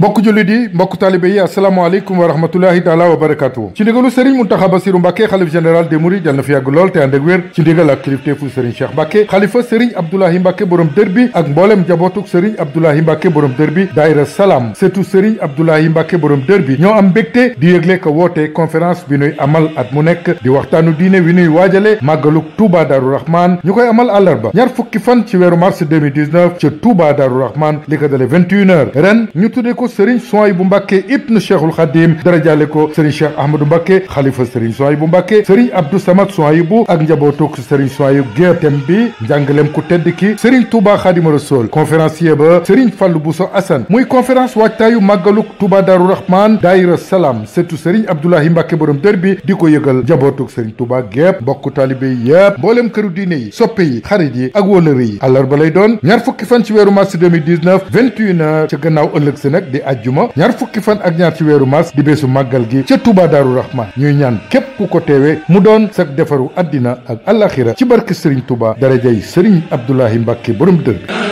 bokk jullit yi mbokk taalibé yi asalaamaaleykum wa rahmatulahi taala wa barakatuhu ci ndigalu sëriñ Muntaxa Basiru Mbàkke xalif général des mourides yal na fi yàgg lool te ànd ak wér ci ndigal ak kilifteefu sëriñ Cheikh Mbàkke xalifa sëriñ Abdoulahi Mbàkke borom dër bi ak mboolem jabootuk sëriñ Abdoulahi Mbàkke borom dër bi daayira salaam surtout sëriñ Abdoulahi Mbàkke borom dër bi ñoo am mbégte di yëgle ko woote conférence bi nuy amal at mu nekk di waxtaanu diine wi nuy waajale màggaluk Touba Darou Rahman ñu koy amal àllarba ñaar fukki fan ci weeru mars 2019 ca Touba Darou Rahman li ko dale 21 ko Serigne Souhaïbou Mbacké ibnu Cheikhul Khadim dara jaale ko Serigne Cheikh Ahmadou Mbacké xalifa Serigne Souhaïbou Mbacké Serigne Abdou Samad Souhaïbou ak njabootuk Serigne Souhaïbou gépp thème bi njàngalem ku tedd ki Serigne Touba Khadimou Rassoul conférencier ba Serigne Fallou Bousso Assane muy conférence waajtaayu màggaluk Touba Darou Rahman Daïra Salam surtout Serigne Abdoulahi Mbacké borom dër bi di ko yëgal njabootuk Serigne Touba gépp mbokku taalibé yi yépp mboolem këru diine yi soppe yi xarit yi ak wóllëre yi àllarba lay doon ñaar fukki fan ci weeru mars 2019 21 heures ca gannaaw ëllëg si nag di ajjuma ñaar fukki fan ak ñaar ci weeru mars di bésu màggal gi ca Touba Daaru Rahman ñuy ñaan képp ku ko teewe mu doon sag defaru àddina ak alaxira ci barke Serigne Touba darajay Serigne Abdoulahi Mbacke borom dër